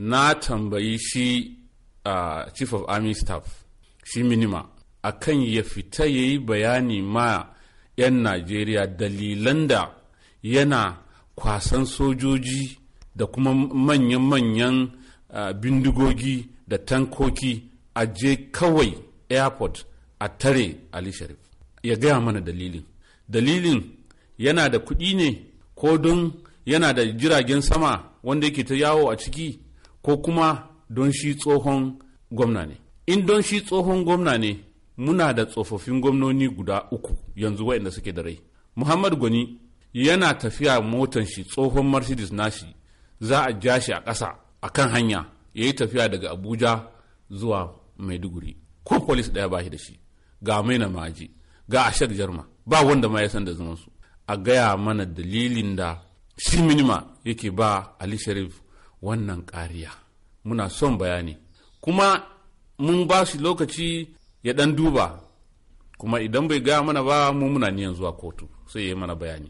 na tambayi shi uh, chief of army staff shi minima akan ya fita ya yi bayani ma 'yan najeriya dalilan da yana kwasan sojoji da kuma manyan-manyan uh, bindigogi da tankoki a je kawai airport a tare ali sharif ya gaya mana dalilin dalilin yana da kuɗi ne ko don yana da jiragen sama wanda yake ta yawo a ciki ko kuma don shi tsohon gwamna ne in don shi tsohon gwamna ne muna da tsofaffin gwamnoni guda uku yanzu waɗanda suke da rai muhammad gwani yana tafiya motan shi tsohon mercedes nashi za a ja shi a ƙasa a kan hanya ya yi tafiya daga abuja zuwa maiduguri ko polis ɗaya ba shi da shi ga maina maji ga shak jarma ba wanda ma ya san da zumansu a gaya mana dalilin da shi minima yake ba ali sharif wannan ƙariya muna son bayani kuma mun ba shi lokaci ya ɗan duba kuma idan bai gaya mana ba mu muna niyan zuwa kotu sai ya yi mana bayani